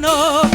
No.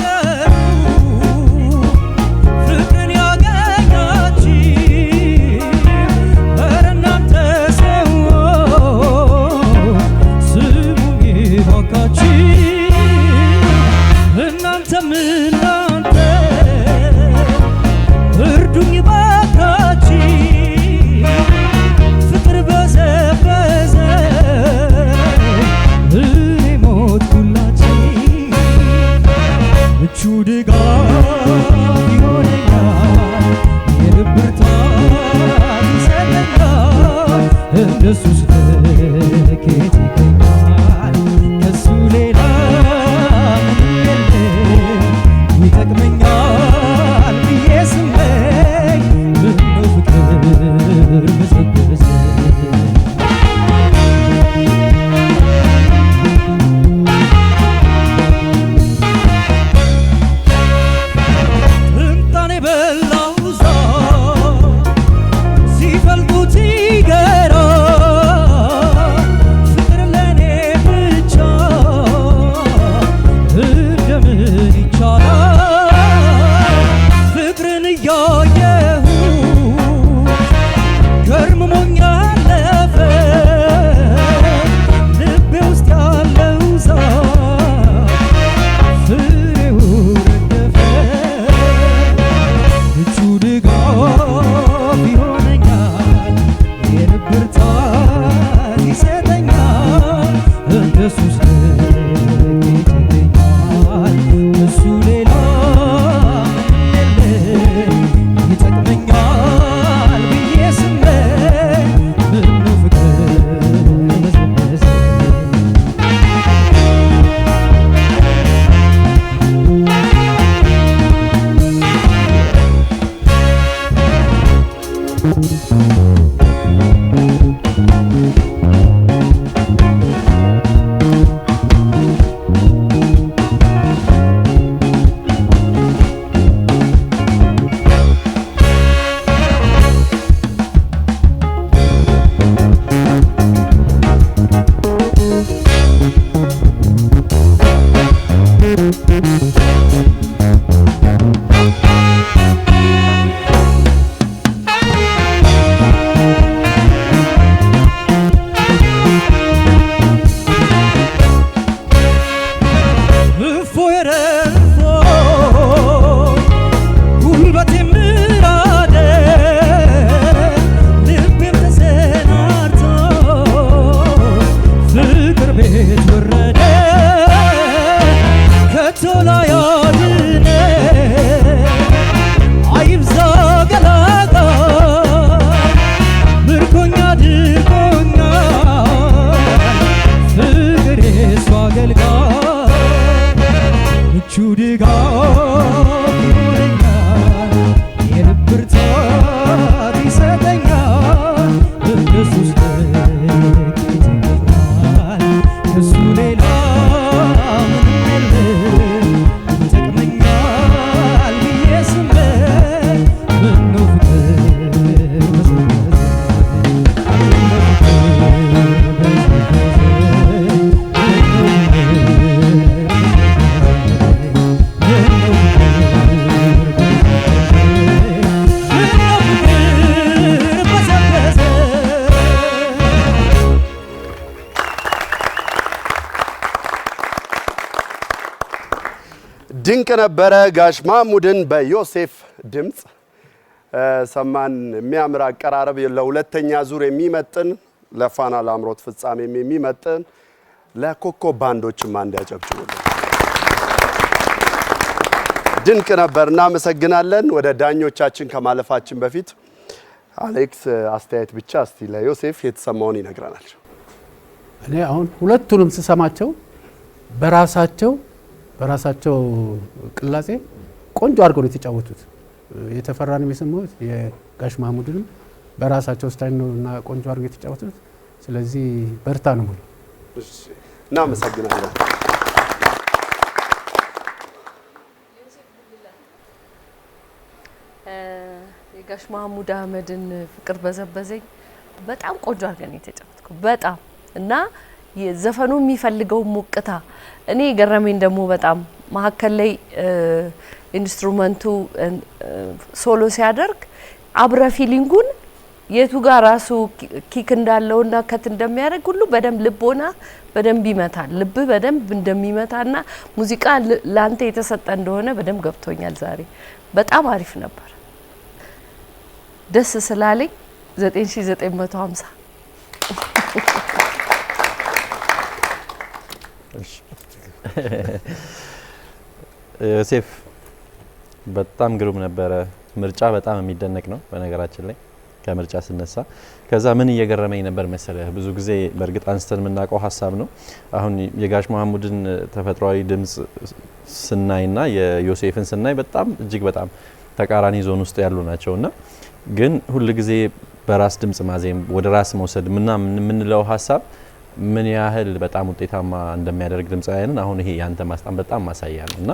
ያድነ አይብዛ ገላጋ ምርኮኛ ድቆኛ ፍቅር የሱ ድጋ ድንቅ ነበረ። ጋሽ ማሙድን በዮሴፍ ድምፅ ሰማን። የሚያምር አቀራረብ ለሁለተኛ ዙር የሚመጥን ለፋና ላምሮት ፍጻሜም የሚመጥን ለኮከብ ባንዶችም አንድ ያጨብጭቡ። ድንቅ ነበር። እናመሰግናለን። ወደ ዳኞቻችን ከማለፋችን በፊት አሌክስ አስተያየት ብቻ እስቲ ለዮሴፍ የተሰማውን ይነግረናል። እኔ አሁን ሁለቱንም ስሰማቸው በራሳቸው በራሳቸው ቅላጼ ቆንጆ አድርገው ነው የተጫወቱት። የተፈራንም የሰማሁት የጋሽ ማሙድንም በራሳቸው ስታይል ነው እና ቆንጆ አድርገው የተጫወቱት። ስለዚህ በርታ ነው ሙሉ። እናመሰግናለን። የጋሽ ማሙድ አህመድን ፍቅር በዘበዘኝ በጣም ቆንጆ አድርገን የተጫወትኩ በጣም እና ዘፈኑ የሚፈልገው ሞቅታ እኔ ገረሜን ደግሞ በጣም መሀከል ላይ ኢንስትሩመንቱ ሶሎ ሲያደርግ አብረ ፊሊንጉን የቱ ጋር ራሱ ኪክ እንዳለውና ከት እንደሚያደርግ ሁሉ በደንብ ልቦና በደንብ ይመታል። ልብ በደንብ እንደሚመታና ሙዚቃ ላንተ የተሰጠ እንደሆነ በደንብ ገብቶኛል። ዛሬ በጣም አሪፍ ነበር። ደስ ስላለኝ 9950 ዮሴፍ በጣም ግሩም ነበረ። ምርጫ በጣም የሚደነቅ ነው። በነገራችን ላይ ከምርጫ ስነሳ ከዛ ምን እየገረመኝ ነበር መሰለህ፣ ብዙ ጊዜ በእርግጥ አንስተን የምናውቀው ሀሳብ ነው። አሁን የጋሽ መሐሙድን ተፈጥሯዊ ድምፅ ስናይና የዮሴፍን ስናይ በጣም እጅግ በጣም ተቃራኒ ዞን ውስጥ ያሉ ናቸው እና ግን ሁልጊዜ በራስ ድምፅ ማዜም ወደ ራስ መውሰድ ምና የምንለው ሀሳብ ምን ያህል በጣም ውጤታማ እንደሚያደርግ ድምፃውያንን አሁን ይሄ ያንተ ማስጣም በጣም ማሳያ ነው እና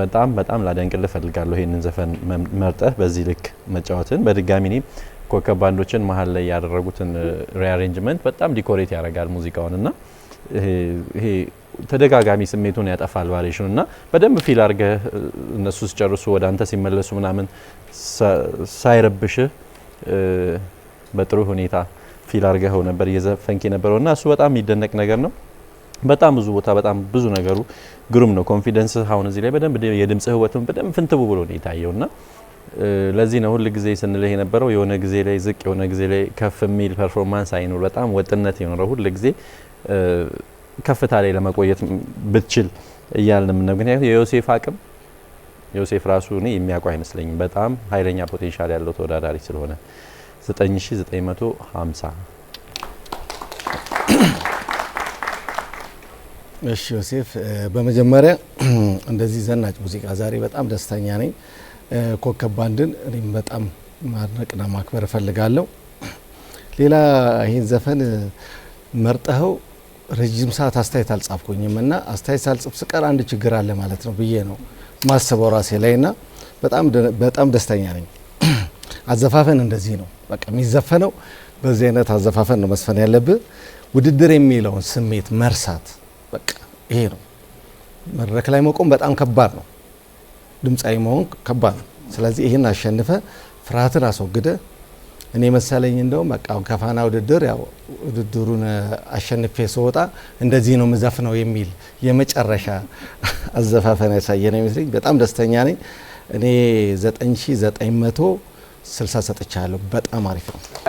በጣም በጣም ላደንቅልህ እፈልጋለሁ ይህንን ዘፈን መርጠህ በዚህ ልክ መጫወትን። በድጋሚ እኔ ኮከብ ባንዶችን መሀል ላይ ያደረጉትን ሪአሬንጅመንት በጣም ዲኮሬት ያደርጋል ሙዚቃውን እና ይሄ ተደጋጋሚ ስሜቱን ያጠፋል ቫሬሽኑ እና በደንብ ፊል አድርገህ እነሱ ሲጨርሱ ወደ አንተ ሲመለሱ ምናምን ሳይረብሽህ በጥሩ ሁኔታ ፊል አድርገኸው ነበር እየዘፈንክ የነበረው እና እሱ በጣም የሚደነቅ ነገር ነው። በጣም ብዙ ቦታ በጣም ብዙ ነገሩ ግሩም ነው። ኮንፊደንስ አሁን እዚህ ላይ በደንብ የድምጽ ህወትም በደንብ ፍንትቡ ብሎ ነው የታየውና ለዚህ ነው ሁል ጊዜ ስንልህ የነበረው የሆነ ጊዜ ላይ ዝቅ የሆነ ጊዜ ላይ ከፍ የሚል ፐርፎርማንስ አይኖር፣ በጣም ወጥነት የኖረው ሁል ጊዜ ከፍታ ላይ ለመቆየት ብትችል እያልንም ነው። ምክንያቱም የዮሴፍ አቅም ዮሴፍ ራሱ እኔ የሚያውቁ አይመስለኝም። በጣም ሀይለኛ ፖቴንሻል ያለው ተወዳዳሪ ስለሆነ እሺ ዮሴፍ፣ በመጀመሪያ እንደዚህ ዘናጭ ሙዚቃ ዛሬ በጣም ደስተኛ ነኝ። ኮከብ ባንድን እኔም በጣም ማድነቅና ማክበር እፈልጋለሁ። ሌላ ይህን ዘፈን መርጠኸው ረጅም ሰዓት አስተያየት አልጻፍኩኝም እና አስተያየት ሳልጽፍ ስቀር አንድ ችግር አለ ማለት ነው ብዬ ነው ማስበው ራሴ ላይ እና በጣም ደስተኛ ነኝ። አዘፋፈን እንደዚህ ነው። በቃ የሚዘፈነው በዚህ አይነት አዘፋፈን ነው መስፈን ያለብህ። ውድድር የሚለውን ስሜት መርሳት በቃ ይሄ ነው። መድረክ ላይ መቆም በጣም ከባድ ነው። ድምፃዊ መሆን ከባድ ነው። ስለዚህ ይህን አሸንፈ ፍርሃትን አስወግደ እኔ መሰለኝ እንደውም በቃ ከፋና ውድድር ያው ውድድሩን አሸንፌ ስወጣ እንደዚህ ነው ነው የሚል የመጨረሻ አዘፋፈን ነው ይመስለኝ። በጣም ደስተኛ ነኝ። እኔ 9900 ስልሳ ሰጥቻለሁ። በጣም አሪፍ ነው።